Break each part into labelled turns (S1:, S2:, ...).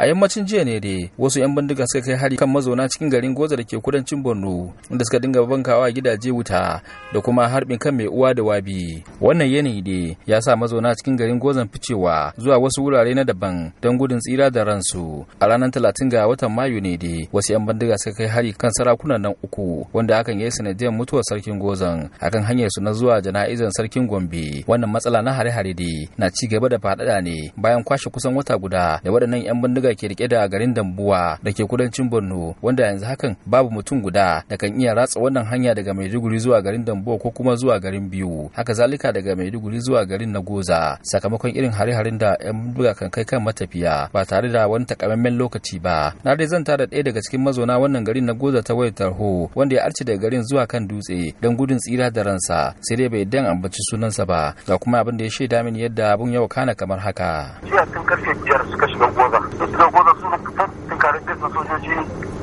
S1: a yammacin jiya ne dai wasu 'yan bindiga suka kai hari kan mazauna cikin garin goza da ke kudancin borno inda suka dinga bankawa gidaje wuta da kuma harbin kan mai uwa da wabi wannan yanayi ne ya sa mazauna cikin garin gozan ficewa zuwa wasu wurare na daban don gudun tsira da ransu a ranar talatin ga watan mayu ne dai wasu 'yan bindiga suka kai hari kan sarakunan nan uku wanda hakan ya yi sanadiyar mutuwar sarkin gozan akan hanyar su na zuwa jana'izar sarkin gombe wannan matsala na hare-hare dai na ci gaba da faɗaɗa ne bayan kwashe kusan wata guda da waɗannan 'yan bindiga da ke rike da garin Dambuwa da ke kudancin Borno wanda yanzu hakan babu mutum guda da kan iya ratsa wannan hanya daga Maiduguri zuwa garin Dambuwa ko kuma zuwa garin Biyu haka zalika daga Maiduguri zuwa garin Nagoza sakamakon irin hare-haren da 'yan buga kan kai kan matafiya ba tare da wani takamaimen lokaci ba na dai zan tara ɗaya daga cikin mazauna wannan garin Nagoza ta wayar tarho wanda ya arce daga garin zuwa kan dutse don gudun tsira da ransa sai dai bai dan ambaci sunansa ba ga kuma abin da ya shaida mini yadda abun yau kana kamar haka jiya tun karfe biyar
S2: suka shiga goza su sojoji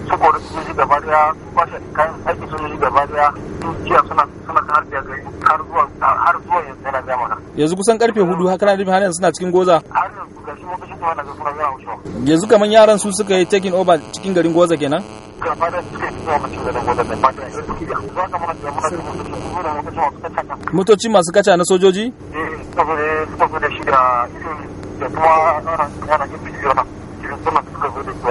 S2: su kori gaba
S1: yanzu kusan karfe hudu haka na nufin har suna cikin goza yanzu ga kamar yaran su suka yi taking over cikin garin goza kenan
S2: gaba zuwa garin goza da ba yanzu
S1: motoci masu kaca na sojoji eh
S2: suka zo da shi da kuma ana ana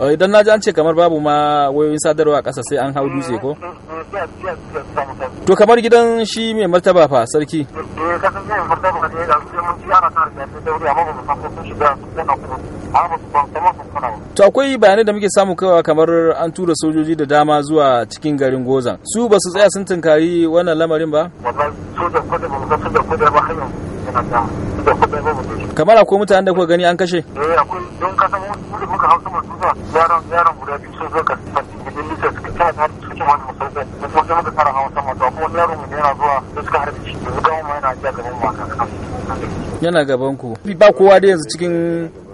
S1: Eh, idan na ji an ce kamar babu ma wayoyin sadarwa a ƙasa sai an hau dutse ko
S2: to kamar gidan
S1: shi mai martaba fa sarki to akwai bayanai da muke samu kawai kamar an tura sojoji da dama zuwa cikin garin gozan su ba su tsaya sun tunkari wannan lamarin ba kamar akwai mutane da kuka gani an kashe
S2: eh akwai don kasan mutum muka hau masu zuwa yaran yaran guda biyu sun zo ka fatin gidin lisa suka ta ta suke wani masaukai
S1: da kuma sai muka tsara hawa sama to akwai wani yaron mu yana zuwa da suka harbe shi da gawan ma yana ajiya gaban mu akan yana gaban ku ba kowa da yanzu cikin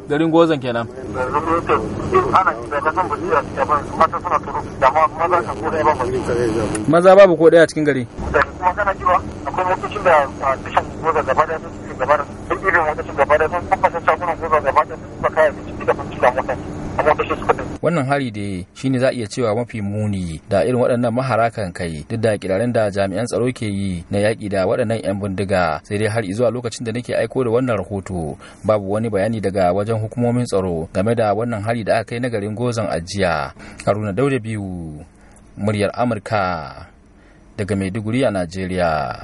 S1: garin gozan kenan
S2: eh,
S1: maza babu ko daya cikin gari wannan hari da shi ne za a iya cewa mafi muni da irin waɗannan maharakan kai duk da kiraren da jami'an tsaro ke yi na yaƙi da waɗannan 'yan bindiga sai dai har zuwa lokacin da nake aiko da wannan rahoto babu wani bayani daga wajen hukumomin tsaro game da wannan hari da aka kai na garin gozan ajiya haruna dauda biyu muryar amurka daga maiduguri a najeriya